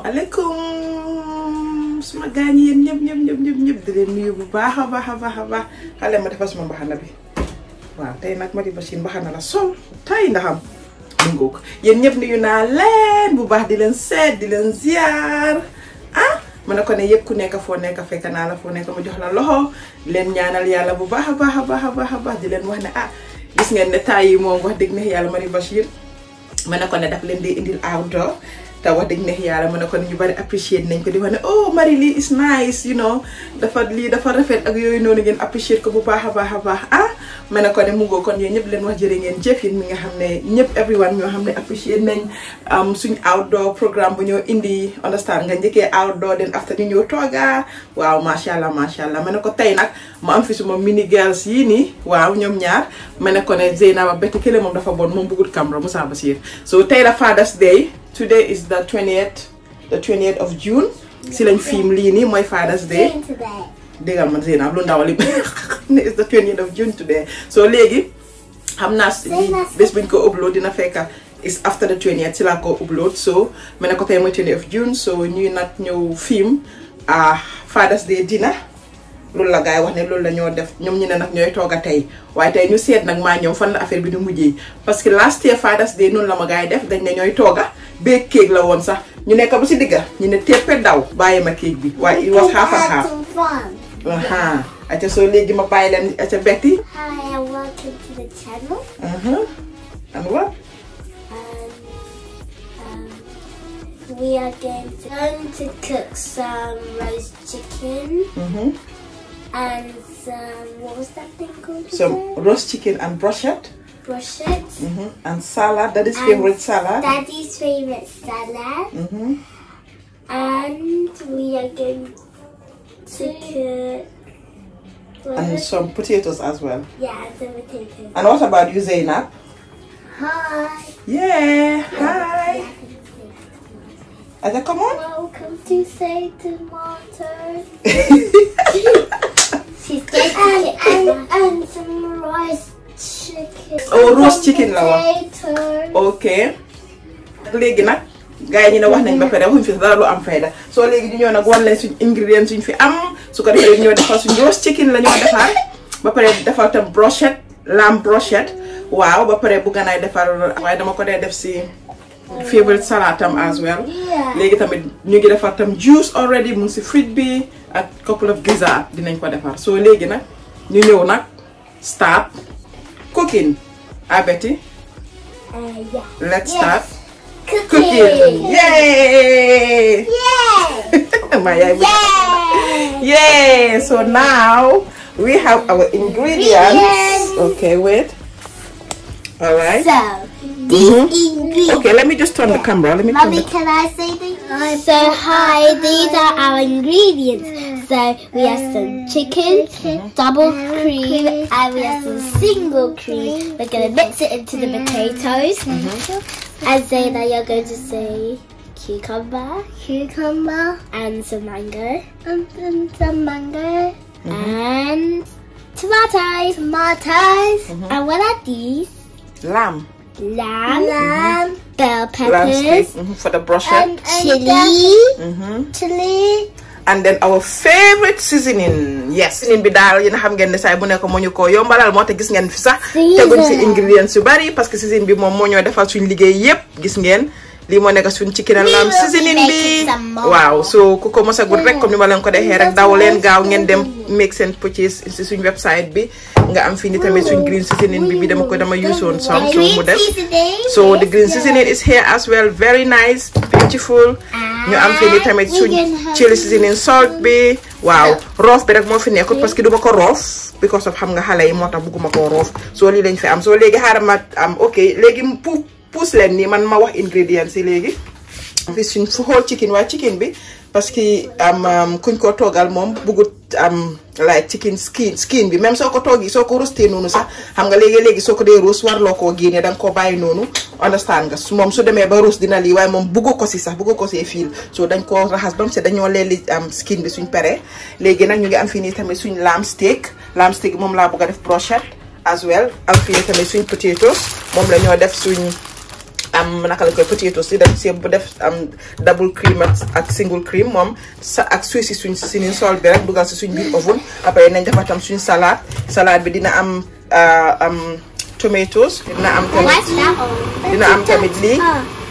asalaamaaleykum suma gaañ yéen ñëpp ñëpp ñëpp ñëpp ñëpp di leen nuyu bu baax a baax a baax a baax xale ma defal suma mbaxana bi waaw tey nag Madi Bachir mbaxana la sol tey ndaxam mu ngoog yéen ñëpp nuyu naa leen bu baax di leen seet di leen ziar ah ma ne ko ne yëpp ku nekk foo nekk fekk naa la foo nekk ma jox la loxo leen ñaanal yàlla bu baax a baax a baax di leen wax ne ah gis ngeen ne taay yi moom wax dëgg neex yàlla Madi Bachir ma ne ko ne daf leen di indil outdoor te wax dëgg neex yàlla mën na ko ñu bari apprécier nañ ko di wax ne oh Marie lii is nice you know dafa lii dafa rafet ak yooyu noonu ngeen apprécier ko bu baax a baax a baax ah, a mën ne ko ne mu ngoo kon yéen ñëpp leen wax jërë ngeen jëf yéen nga xam ne ñëpp everyone ñoo xam ne apprécier nañ um, suñ outdoor programme bu ñoo indi understand nga njëkkee outdoor den after ñu ñëw tooga waaw macha allah macha allah mën ne ko tey nag ma am fi suma mini girls yii nii waaw ñoom ñaar mën ne ko ne Zeynaba Betty Kele moom dafa bon moom bëggul Camara Moussa Bassir so tey la Father's Day today is the 28th the 28 of June si lañ film lii nii mooy Father's Day déggal ma Zeynab lu ndaw li it's the 28 of June today so léegi xam naa bés buñ ko upload dina fekka is after the 28th laa ko upload so ma ne ko tey mooy 28th of June so ñuy nag ñëw film ah, Father's Day dina loolu la gars wax ne la ñoo def ne ñu ñëw fan la affaire bi parce que last year Father's Day noonu la ma gars def dañ ne ñooy tooga bee kéeg la woon sax ñu nekk ba si digga ñu ne teppe daw ma bi it was half and half aha aca soo léegi ma bàyyi leen aca Betty hi and welcome to the channel uh-huh and what um, um, we are going to cook some roast chicken mm-hmm and some, what was that thing called? Some again? roast chicken and brochette. Brochette. Mm -hmm. And salad, daddy's and favorite salad. Daddy's favorite salad. Mm -hmm. And we are going to cook. And some potatoes as well. Yeah, and some potatoes. And what about you, Zainab? Hi. Yeah, hi. come on. Welcome to Say Tomatoes. roast chicken. Oh, roast chicken lah. Okay. ok léegi nag gars yi wax nañ ba pare fi dara lu am fayda so léegi ñëw wan suñ am su ko defee ñoo defar suñ roast chicken la ñoo ba pare defar tam brochette lamb brochette waaw ba pare bu ganaay defar waaye dama ko def si favorite salad tam as well léegi tamit ñu ngi defar juice already mu ngi ak couple of gizzard dinañ ko defar soo léegi nag ñu ñëw nag start cooking abeti ah, uh, let's start cooking yay my yay so now we have our ingredients okay wait all right so -hmm. Okay, let me just turn yeah. the camera. Let me. Mommy, can I say So hi, these are our ingredients. Mm-hmm. So we have some mm-hmm. chicken, double mm-hmm. cream, and we have some single cream. We're gonna mix it into the potatoes, mm -hmm. and then you're going to say cucumber, cucumber, and some mango, and, and some mango, mm -hmm. and tomatoes, tomatoes, mm -hmm. and what are these? Lamb. lamb, lamb mm-hmm. bell peppers, mm -hmm. for the brochette, chili, mm -hmm. chili, and then our favorite seasoning yes seasoning bi daal yéen a xam ngeen ne saay bu nekk moo ñu ko yombalal moo te gis ngeen fi sax si ingredients yu bari parce seasoning bi moom monyo ñoo defal suñ Yep, gis ngeen lii moo nekk sun chicken and lamb seasoning bi Wow, so ku ko mos a gudd rek comme ni ma leen ko dexee rek daw dem make seen purchase si suñ website bi nga am fii ni tamit suñ green seasoning bi bi dama ko dama use woon some so mu def so the green seasoning is here as well very nice beautiful ñu am fii ni tamit suñ chili seasoning salt bi waaw roof bi rek moo fi nekkut parce que du ma ko roof because of xam nga xale yi moo tax bugguma ko roof soo lii lañ fi am soo léegi xaaral ma am ok léegi pu puus leen nii man ma wax ingredients si léegi fi suñ fu whole chicken waaye chicken parce que am kuñ koo toogal moom bëggut am like chicken skin skin bi même soo ko toogee soo ko rostee noonu sax xam nga léegi-léegi soo ko dee roos warloo koo génne da nga koo bàyyi noonu understand nga su moom su demee ba roos dina lii waaye moom bëggu ko si sax bëggu ko see fiil so dañ koo raxas ba mu set dañoo leeli am skin bi suñ paree léegi nag ñu ngi am fii nii tamit suñ lamb steak lamb steak moom laa bëgg a def brochette as well am fii nii tamit suñ potatoes moom la ñoo def suñ am naka lañ koy potato si dañ see bu def am double cream ak single cream moom sa ak suy si suñ suñu sol bi rek dugal si suñ biir oven après nañ defar tam suñ salade salade bi dina am euh, am tomatoes dina am tamit dina am tamit lii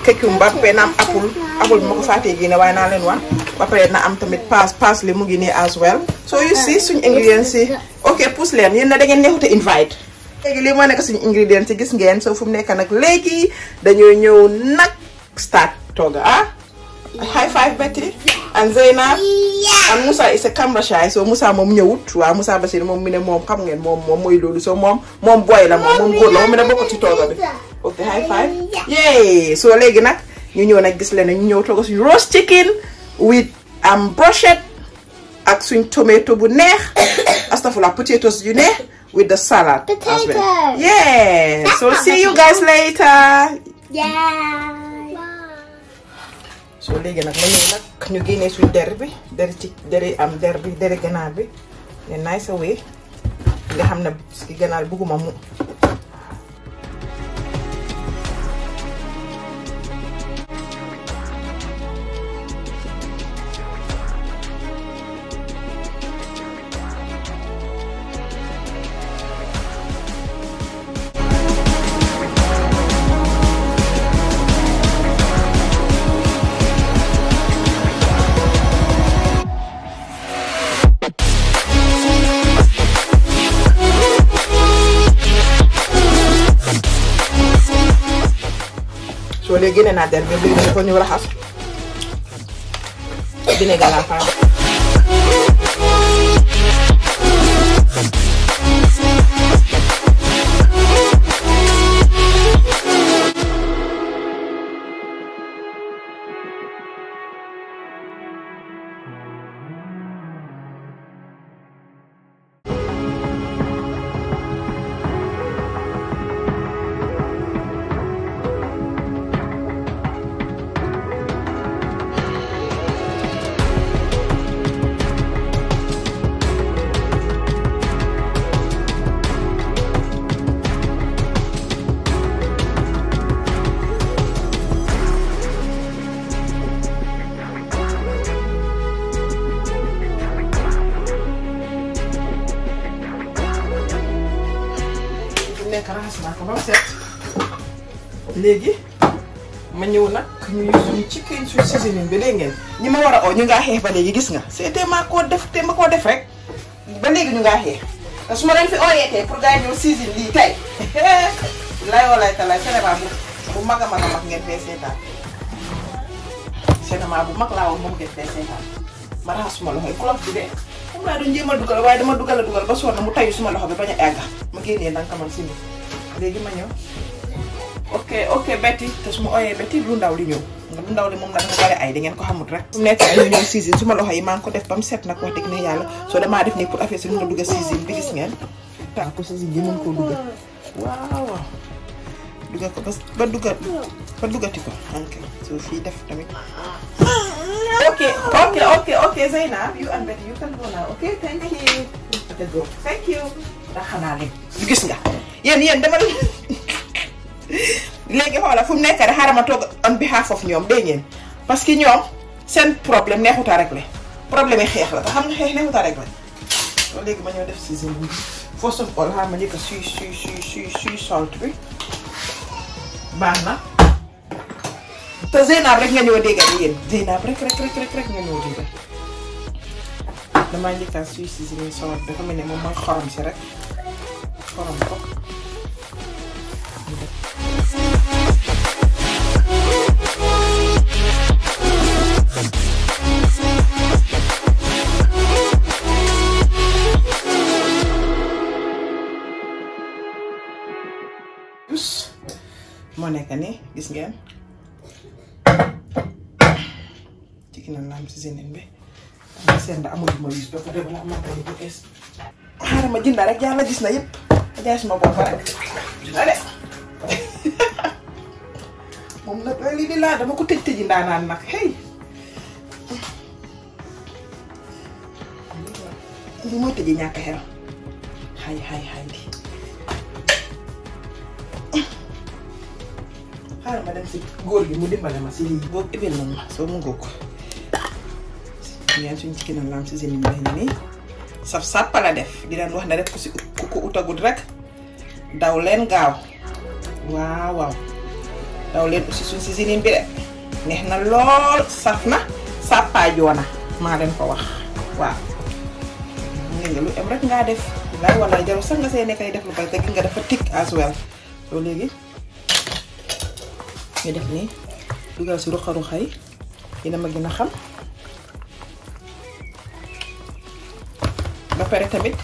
cucumber pe na am apple apple bi ma ko fàttee génne waaye naa leen wax ba pare na am tamit paas paas li mu ngi nii as well so you see suñ ingredients yi ok pousse leen yéen na da ngeen neexut a invite léegi lii moo nekk suñu ingrédients yi gis ngeen soo fu mu nekk nag léegi dañoo ñëw nag start tooga ah. high five Betty. and Zeynab. and Musa is a camera shy so Musa moom ñëwut waaw Musa Bachir moom mu ne moom xam ngeen moom moom mooy loolu so moom moom boy la moom moom góor moom mi ne bokkut ci tooga bi. ok léegi nag ñu ñëw nag gis leen ne ñu ñëw tooga suñu roast chicken am um, brochette ak suñ tomato bu neex astafurlah potatoes yu neex. with the salad. Potato. Well. Yeah. That's so see you guys later. Yeah. so léegi nag ma ñëw nag ñu génnee suñ der bi der am der bi deri ganaar bi ne nice away nga xam ne si ganaar mu naa der bi bi ko ñëw raxas dina gën ñi ma war a oo ñu ngaa xeex ba legi gis nga c'est ma ko def té ma ko def rek ba legi ñu ngaa xeex te su ma leen fi ooyee pour gars yi ñëw li tay lay lay walaay talaay cinéma bu bu mag a mag a mag ngeen fee seetaan cinéma bu mag la woon mo ngeen fé seetaan ma raxas suma loxo yi ku la ci dé moom la doon jéem a dugal waaye dama dugal a dugal ba sonn mu tay suma loxo ba bañ a egg ma gënné ndànk man si léegi ma ñëw ok ok Betty tas mo oye eh, Betty lu ndaw li ñew nga ndaw li mom la nga bari ay di ngeen ko xamut rek mu nekk ay ñëw season loxay ma loxo ko def bam set nag wax dëgg ne yalla so dama def ni pour affaire si dugg season bi gis ngeen ko season di mën ko dugg waaw dugga ko ba dugga ba duggati ko ok so fi def tamit ok ok ok ok Zainab you and Betty you can go now ok thank you thank you ndax xanaa léegi gis nga yéen teman. dama léegi xoola fu mu nekk rek xaaral ma on behalf of ñoom dégg ngeen parce que ñoom seen problème neexut a réglé problème yi la xam nga xeex neexut a réglé loolu ma def first of all xaaral ma njëkk a suy salt bi baax te Zeynab rek nga ñëw déggal yéen Zeynab rek rek rek rek rek nga ñëw salt dafa mel ne moom xorom rek xorom ko. moo nekk ni gis ngeen jigéen na naam si seneen ada dama seen da amul ma wis dafa def laa màkka yi bu ees xaaral ma jëndaa rek mom nag lii di la dama ko tëj tëji ndaanaan nak hey lii mo tëji ñak xel hay hay hay di xaaral ma dem ci góor gi mu dimbalé ma ci lii boobu ibil na ma soo mu gokk ñaan suñu ci gën lam ci seen mbay saf sàppa def di leen wax na def ko ci ko utagut rek daw len gaaw Wow, daw lihat aussi suñ si sinin bi de neex na lool saf na sàppaajoon na maa leen ko wax waaw ne nga lu am rek ngaa def lay wala jaru sax nga see def lu nga dafa as well soo léegi ñu def nii dugal si ruqa-ruqa Ina dina ma gën a xam ba pare tamit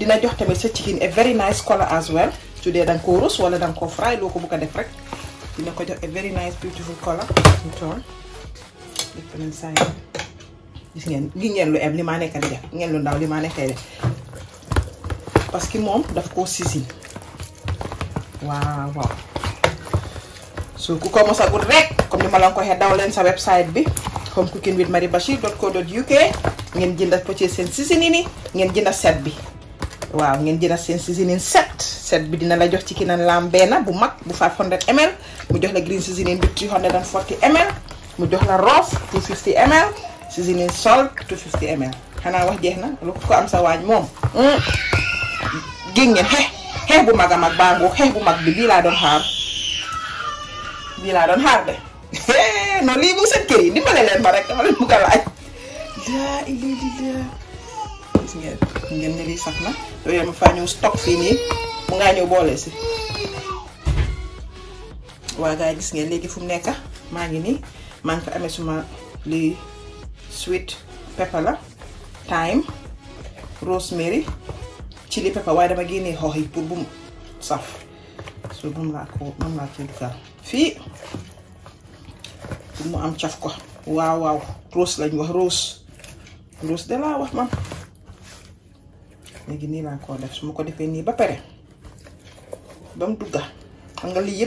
dina jox tamit sa chicken a very nice color as well su dee da nga rus wala da nga koo fry loo ko bëgg a def rek dina ko jox a very nice beautiful color ñu toll def ngeen gi ngeen lu em nekk di ngeen lu ndaw li maa parce que moom daf ko sisin waaw waaw so ku ko mos a gudd rek comme ni ma la ko waxee daw leen sa website bi home cooking with Marie Bashir dot co dot uk ngeen jënda pocce seen seasoning ni ngeen jënda set bi waaw ngeen jënda seen seasoning set set bi dina la jox ci Kinan Lambena bu mag bu 500 ml mu jox la green seasoning bi 340 ml mu jox la roof 250 ml seasoning salt 250 ml xanaa wax jeex na lu ko am sa waañ moom. Mm. gis ngeen xeex bu mag mag baa ngoo xeex bu mag bi bii laa doon xaar bii laa doon xaar de non lii bu seen kër yi dimbale leen ma rek dama leen bugg a laaj. laa na loolu yëpp ma stock fii nii. nga ngaa ñëw boole si waa gaa gis ngeen léegi fu nekk ma ngi ni ma ngi fa suma li sweet pepper la thyme rosemary chili pepper way dama gëné xoox yi pour bu saf so bu laa ko moom laa ci dugal fi pour mu am chaf ko waaw waaw rose lañ wax rose rose de la wax mam léegi ni la ko def suma ko defé ni ba paré bam dugga xam nga lii da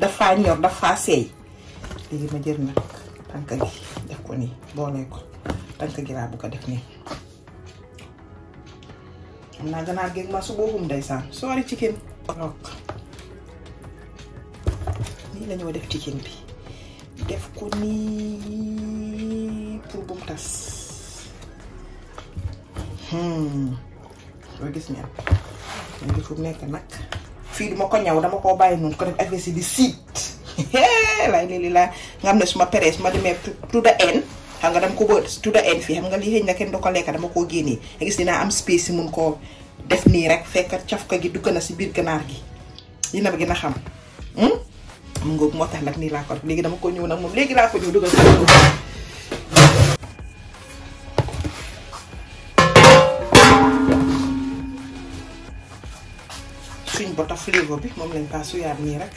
dafa ñor dafa sey léegi ma jël nak tanka gi def ko nii boolee ko tanka gi la bu ko def ni xam naa ganaar ma su boobu ndeysaan sori chicken rock ni lañu def chicken bi def ko ni pour bum tas tas hmm. so gis ni léegi fu mu nekk fi duma ko ñaw dama ko bàyyi nun ko def affaire di siit lay lii la nga am na suma ma demé to the end xam nga dam ko to the end fi xam nga li heñ na ken do ko lek dama ko gëni nga gis dina am space mun def ni rek fekk cafka gi dugg na si biir gi yéen a gën xam hmm? mu ngok motax nak ni la ko legi dama ko ñëw nak mom legi la ko ñëw dugal bota tax frigo bi mom lañ paas suyaat ni rek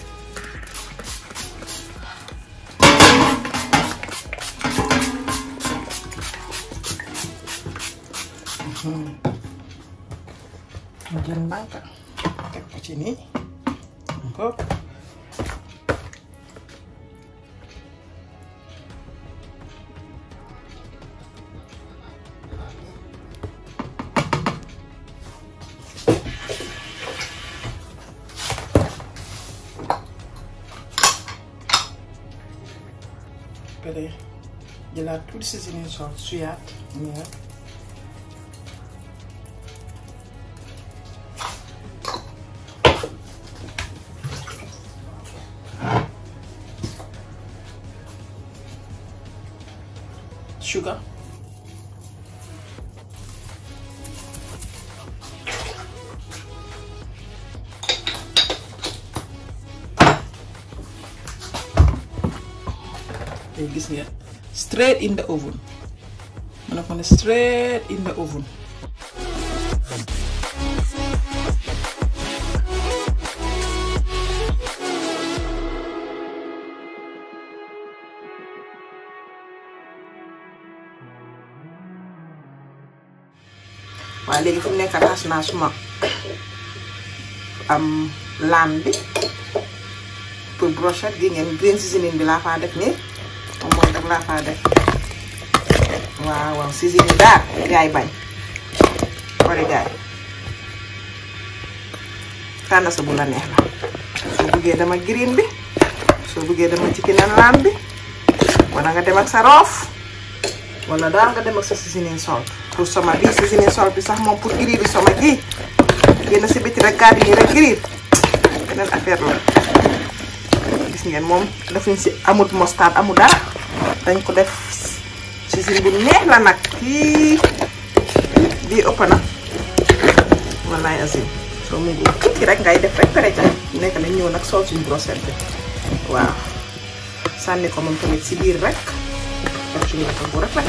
jël ndànk teg ko ci nii la toute salt to add Sugar. Hey, this straight in the oven I'm gonna straight in the oven waaye léegi sini mu nekk xas suma am laan bi pour brochette gi ngeen green seasoning bi def la faade Wow, waaw sisini daal yaay bañ origaay tànn sa bu la neex gede soo bëggee dama green bi soo bëggee dama chicken and lamb bi wala nga demak ak sa roof wala daal nga dem ak sa seasoning salt pour soma bi seasoning salt bi sax moom pour griller soma gi génn si biti rek kari, nii rek griller beneen affaire gis ngeen moom si amut mustard, amut darah dañ ko def cuisine bu neex la nak ki bii ëpp na wallaay asim so mu ngi ki rek ngay def rek pare ca nek na ñew nak sol suñu brochette bi waaw sanni ko mom tamit ci bir rek def ñu ko bu rek la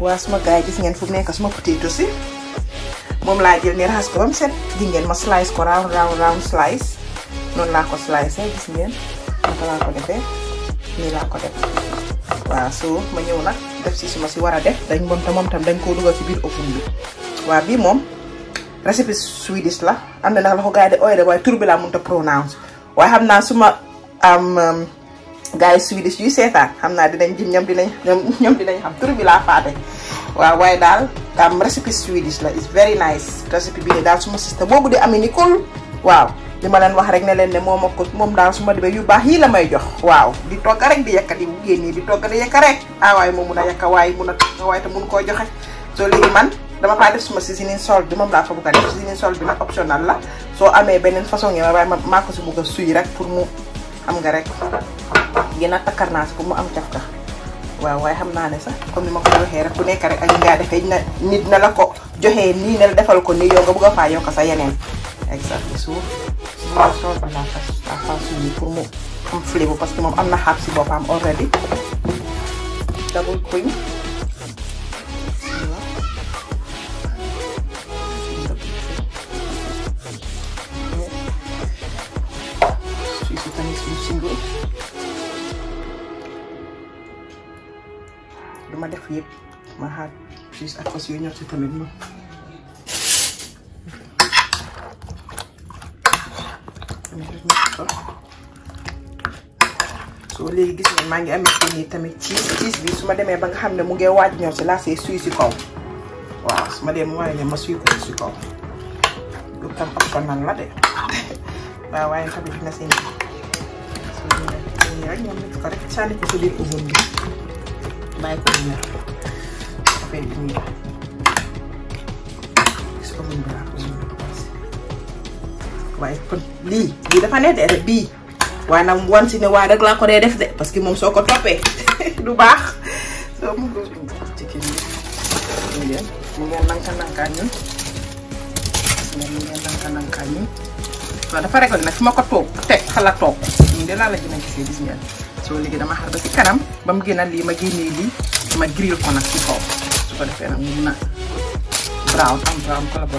waa suma gaay gis ngeen fu nekk suma potato si mom la jël ni ras ko bam set di ngeen ma slice ko round round round slice Non la ko slice gis ngeen naka laa ko defee nii ko def so ma ñëw nag def si suma si war def dañ moom tam moom tam dañ koo biir oven bi recipe swedish la am na la ko gars yi di pronounce waaye xam suma am swedish yuy seetaan xam dinañ jëm ñoom dinañ ñoom dinañ xam tur bi am recipe swedish la is very nice recipe bi ne suma sister boobu di ami nicole waaw lima len wax rek ne len ne moom ko mom dal suma ma yu la jox waw di togg rek di yakati mu génn di togg di yak rek ah way moom mun a yakka waaye mun a waaye te mun koo joxe so li man dama fa def suma seasoning salt bi mom la fa bëgg a def seasoning salt bi nag optional la So, amé benen façon way ya, ma ko su bëgg rek pour mu am nga rek takarna mu am cafka waaw way xam naa ne sax comme ni ma ko waxee rek ku nekk rek ak nga defee nit na la ko joxee ni na la defal ko ni yo nga bëgg fa yo yokk sa exactement sol ko laa fas laa fas nii pour mu am flavor parce que moom am na xaat si already double cream duma def yëpp ma xaat juste ak fas yooyu ñor si tamit moom so so léegi gis ngeen maa ngi amee ni tamit cheese cheese bi suma démé ba nga xamné mu ngee waaj ñor ci la see suy ci kaw waaw suma ma demee mu ma suy ko ci kaw du tam ab nan la de waaw waaye tamit dina seen ñu ñu ñoom ñu ko rek sànni ko si ko bëgg bay ko ñu ñor affaire gis ko mu way kon li li dafa neex de rek bii waaye nag mu wan si ne waa rek la ko dee def de parce que moom soo ko toppee du baax soo mu ni bi ngeen mu ngeen nanka nankaa ni ngeen mu ngeen nanka nankaa ñun so dafa rek nag fi ma ko toog teg xala toog ni de la la gën ci gisee gis ngeen soo léegi dama xar ba si kanam bam mu li ma génnee li ma grill ko nak ci kaw su ko defee nak mu na a brown am brown ko la bu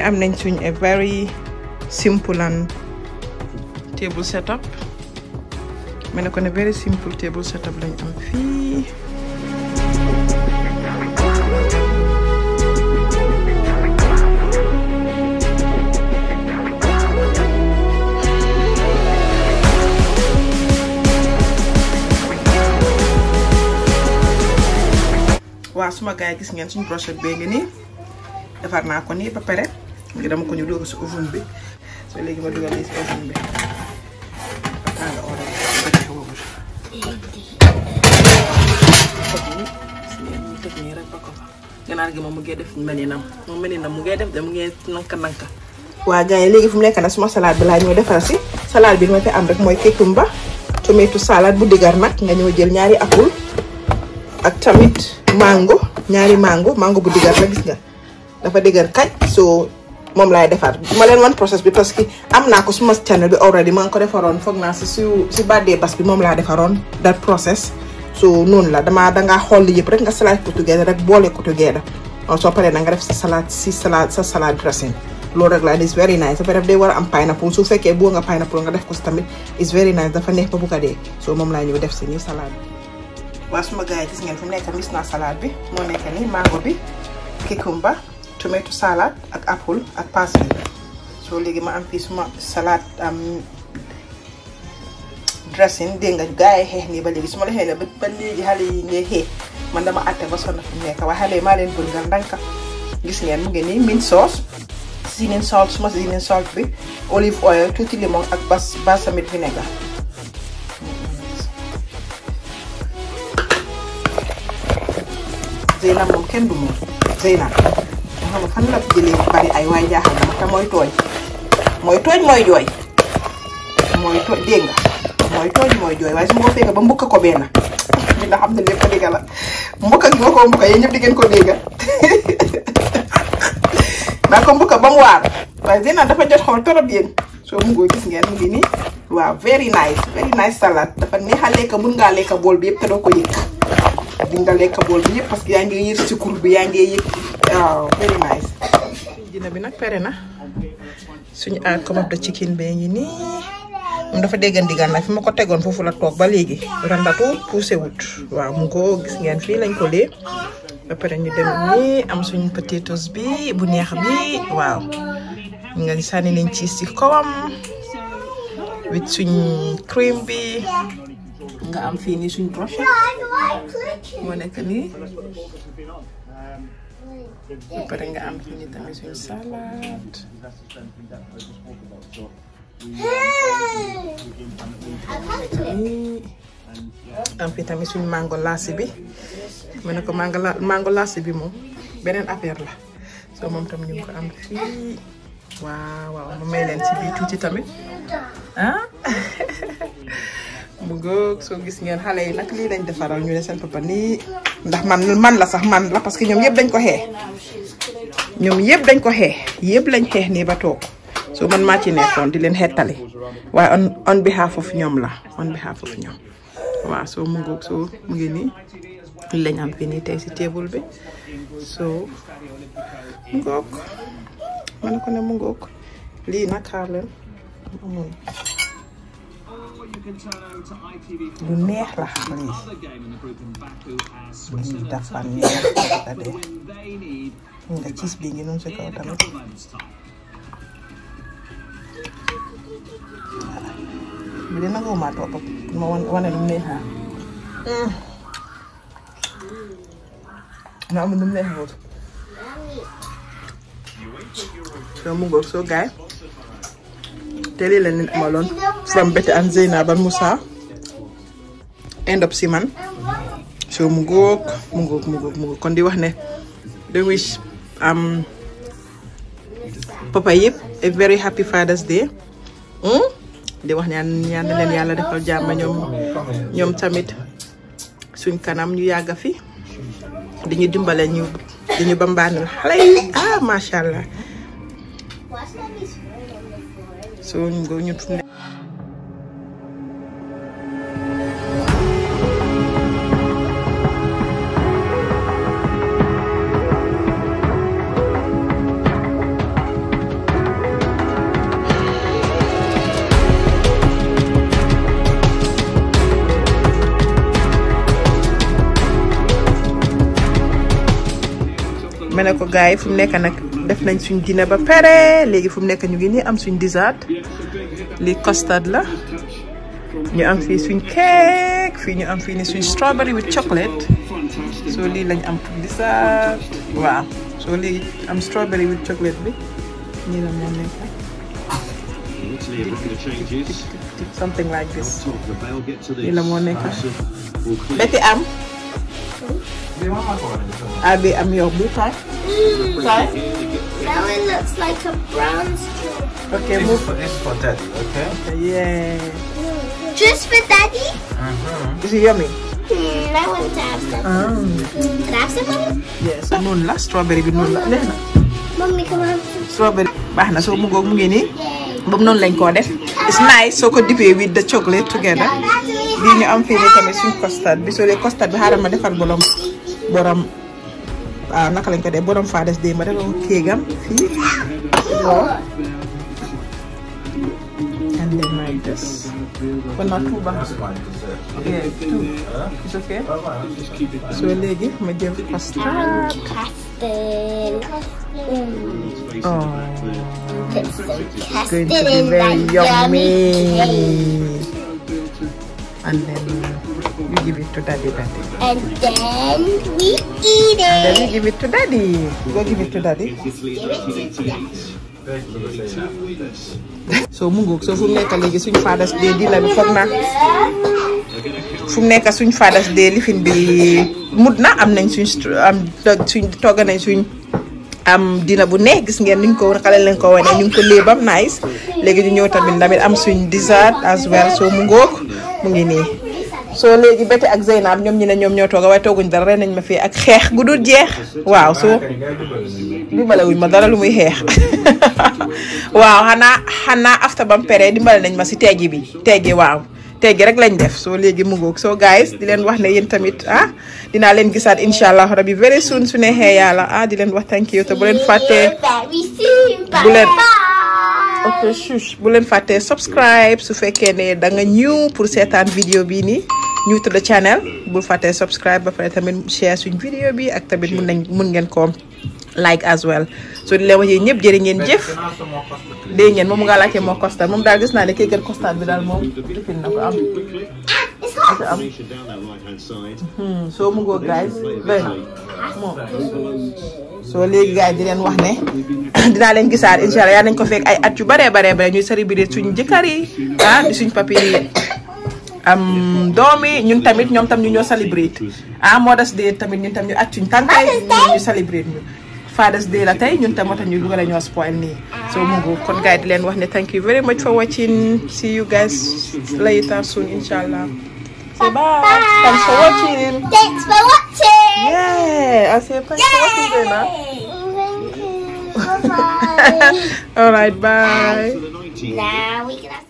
ne am nañ suñ a very simple and table setup mais ne ko ne very simple table setup lañ am fii waaw suma gaay gis ngeen suñ brochette bee ngi nii defar naa ko nii ba pare ok dama ko ñu oven be. so léegi ma dugal si oven bi ataala oora bakka ko fa ganaar gi moom mu ngee def meninam moom meninam mu ngee def de nanka nanka waa gars yi léegi nekk nag suma salade bi laa ñëw defar salade bi ma fi am rek kekumba tomato salade bu digar nga jël ñaari apple ak tamit mango ñaari mango mango bu digar la gis nga dafa digar so mom lay defar ma len won process bi parce que amna ko suma channel bi already man ko defaron fogna ci si badé si bas bi moom that process so non la dama da nga xol yëpp rek nga salade ko together rek bolé ko together So paré na nga def sa salade si salade sa salade dressing lo rek la is very nice dafa def day war a am pineapple su féké bo nga pineapple nga def ko tamit is very nice dafa neex ba bu ko dé so mom la ñu def ci ni salade wa suma gaay gis ngeen fu nekk mis na salade bi mo nekk ni mango bi kikumba tomato salad ak apple ak parsley so léegi ma am fi suma salad am um, dressing de nga gaa heh ni ba léegi suma ma la xeexee ba léegi xale yi ngay xeex man dama àtte ba sonna fi nek wa xale yi maa leen gis ngeen mu ngi ni mint sauce seasoning salt suma seasoning salt bi olive oil tuuti limon ak bas balsamic vinegar Zainab mungkin dulu Zainab xam nga fan la bari ay waaye jaaxal na ma te mooy tooñ mooy tooñ mooy jooy mooy tooñ dégg mooy tooñ mooy jooy waaye su ma ko ba mbukk ko benn dina xam ne lépp dégg la mbukk ak boo ko mbukk ko dégg daa ko mbukk ba mu waar waaye dina dafa jot xool torop yéen soo mungoo gis ngeen mu ngi nii waaw very nice very nice salade dafa neex a lekk mun ngaa lekk bool bi yëpp te doo ko yëg di nga lekk bool bi yëpp parce que yaa ngi yëg sukur bi yaa ngi yëg waaw very bi nag pere na suñu aar come of the chicken bee ngi nii moom dafa dégg ndigal nag fi ma ko tegoon foofu la toog ba léegi randatu poussé wut waaw mu ko gis ngeen fii lañ ko lee ba pare ñu dem nii am suñ potatoes bi bu neex bi waaw nga sànni nañ ci si kawam wit suñ cream bi. nga am fii nii suñ crochet moo nekk ba pare nga am fii nii tamit suñ salade am fi tamit suñ mango lassi bi ma ko mango mango lassi bi moom benen affaire la so mom tam ñu ko am fii waaw waaw ma may ci bi tuti tamit goog soo gis ngeen xale yi nag lii lañ defaral ñu ne papa nii ndax man man la sax man la parce que ñoom yëpp dañ ko xeex ñoom yëpp dañ ko lañ ba so man maa ci nekkoon di leen xettali waaye on on behalf of nyom la on behalf of nyom, wa so mu so soo mu ngi nii lañ am si table bi so mu man ma ne ko ne mu ngoog lu neex Ini xam Ini ñu defar ñu ta dee nga ciis bi ngi noonu si kaw tamit bi mau ko ma topp ma wane te lii leen leen amaloon from Betty and Zeynaba Musa end up si man so mu ngoog mu kon di wax ne di wish am um, papa yëpp a very happy Father's Day hmm? di wax ñaan ñaan leen yàlla defal jàmm ñoom ñoom tamit suñ kanam ñu yàgg fi di ñu dimbale ñu di ñu bambaanal xale yi ah macha allah. so ngokunye uphumela ko gars yi def nañ suñ dîner ba pere léegi fu mu nekk ñu ngi nii am suñ dessert lii custard la ñu am fii suñ cake fii ñu am fii ni suñ strawberry with chocolate soo lii lañ am pour dessert waaw soo lii am strawberry with chocolate bi moo nekk something like That one looks like a brown straw. Okay, this move. For, this for daddy, okay? Yeah. Just for daddy? Uh-huh. Is it yummy? Mm, I want to have some. Oh. Can I have some, mommy? Yes. I'm not last strawberry. No, no. Mommy, come on. Strawberry. Baax na soo mugoo mu ngi nii boobu noonu def it's nice So ko dippee with the chocolate together lii ñu am fii nii tamit suñ costard bi soo dee costard bi xaaral ma defal borom borom anak ah, kalian lañ ko def borom deh, day ma defal kéegam and then like this okay, it's okay so ma ah, mm. oh it's yummy and then You give it fu mu nekk léegi suñ Father's Day di la foog na fu mu nekk suñ Father's Day lifin bi mut na am nañ suñ am suñ togga nañ suñ am dina bu neex gis ngeen niñ ko xale leen ko wane ñu ko lée bam nice léegi ñu ñëw tamit tamit am suñ dessert as well so mu mu ngi nii so léegi Betty ak zainab ñom ñi nyom ñom ñoo toga way toguñ dara nañ ma fi ak xex gu dul jeex waaw so dimbale wuñ ma dara lu muy xex waaw hana hana afta bam pere dimbale nañ ma ci teggi bi teggi waaw teggi rek lañ def so léegi mu ngok so guys di len wax ne yeen tamit ah dina len gissat inshallah rabbi very soon su ya yàlla ah di len wax thank you te bu len faté bu len ok shush bu leen subscribe su kene ne da nga ñëw pour seetaan vidéo new to the channel bul faté subscribe ba faré tamit share suñ video bi ak tamit mën nañ mën ngeen ko like as well so di leen wax yéen ñëpp ngeen jëf dé ngeen mom nga laajte mo costa mom dal gis na né kay gën costa bi dal mom na am So mu go guys. Ben. So legi guys di len wax ne dina len gissar inshallah ya nañ ko fek ay at yu bare bare bare ñuy celebrate suñu jëkari ah ah suñu papi doomi ñun tamit ñoom tam ñu celebrate ah Mother's Day tamit ñun tam ñu ak suñ tànte ñu celebrate ñu Father's Day la tey ñun tam moo ñu dugal ñoo spoil nii so mu ngi kon gars di leen wax ne thank you very much for watching see you guys later soon inshallah say bye thanks for watching thanks for watching yeah I say thanks for watching Zena thank you bye bye all right bye now we can